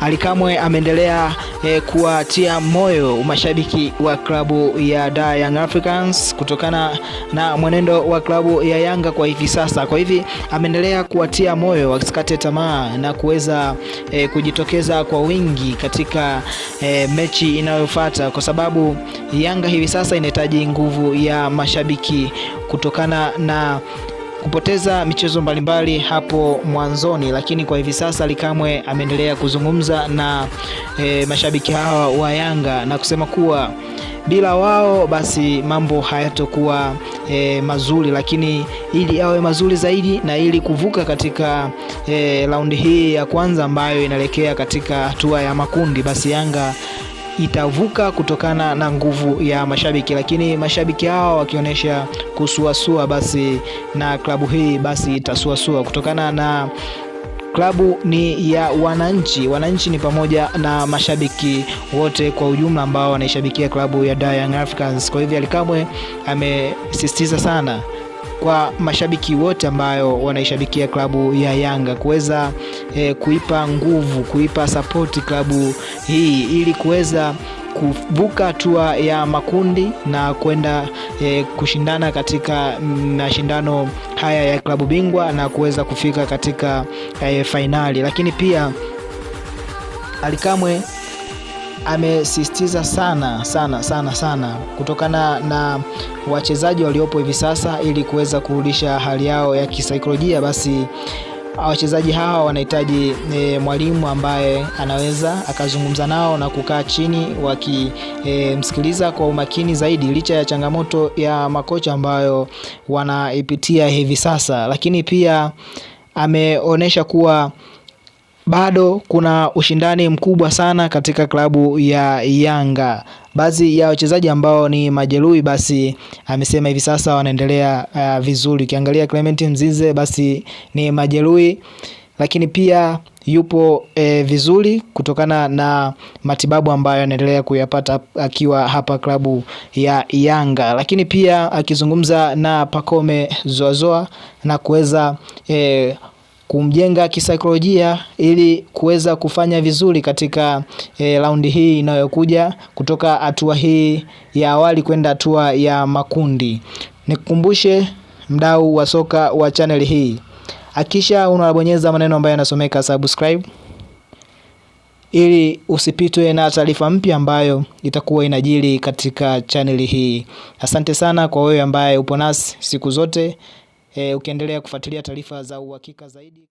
Alikamwe ameendelea eh, kuwatia moyo mashabiki wa klabu ya Da Young Africans kutokana na mwenendo wa klabu ya Yanga kwa hivi sasa. Kwa hivi ameendelea kuwatia moyo wasikate tamaa na kuweza eh, kujitokeza kwa wingi katika eh, mechi inayofuata kwa sababu Yanga hivi sasa inahitaji nguvu ya mashabiki kutokana na kupoteza michezo mbalimbali hapo mwanzoni, lakini kwa hivi sasa Likamwe ameendelea kuzungumza na e, mashabiki hawa wa Yanga na kusema kuwa bila wao basi mambo hayatokuwa e, eh, mazuri, lakini ili awe mazuri zaidi na ili kuvuka katika e, raundi hii ya kwanza ambayo inaelekea katika hatua ya makundi, basi Yanga itavuka kutokana na nguvu ya mashabiki, lakini mashabiki hawa wakionyesha kusuasua, basi na klabu hii basi itasuasua kutokana na klabu ni ya wananchi. Wananchi ni pamoja na mashabiki wote kwa ujumla ambao wanaishabikia klabu ya Young Africans. Kwa hivyo, Alikamwe amesisitiza sana kwa mashabiki wote ambayo wanaishabikia klabu ya Yanga kuweza e, kuipa nguvu, kuipa sapoti klabu hii ili kuweza kuvuka hatua ya makundi na kwenda e, kushindana katika mashindano haya ya klabu bingwa na kuweza kufika katika e, eh, fainali. Lakini pia Alikamwe amesisitiza sana sana sana sana kutokana na wachezaji waliopo hivi sasa ili kuweza kurudisha hali yao ya kisaikolojia basi Ah, wachezaji hawa wanahitaji e, mwalimu ambaye anaweza akazungumza nao na kukaa chini wakimsikiliza eh, e, kwa umakini zaidi, licha ya changamoto ya makocha ambayo wanaipitia hivi sasa, lakini pia ameonyesha kuwa bado kuna ushindani mkubwa sana katika klabu ya Yanga. Baadhi ya wachezaji ambao ni majeruhi, basi amesema hivi sasa wanaendelea uh, vizuri. Ukiangalia Clement Mzize basi ni majeruhi, lakini pia yupo e, vizuri kutokana na matibabu ambayo anaendelea kuyapata akiwa hapa klabu ya Yanga, lakini pia akizungumza na Pacome Zoazoa na kuweza e, kumjenga kisaikolojia ili kuweza kufanya vizuri katika e, eh, raundi hii inayokuja kutoka hatua hii ya awali kwenda hatua ya makundi. Nikukumbushe mdau wa soka wa chaneli hii, akisha unabonyeza maneno ambayo yanasomeka subscribe ili usipitwe na taarifa mpya ambayo itakuwa inajiri katika chaneli hii. Asante sana kwa wewe ambaye upo nasi siku zote e, ukiendelea kufuatilia taarifa za uhakika zaidi.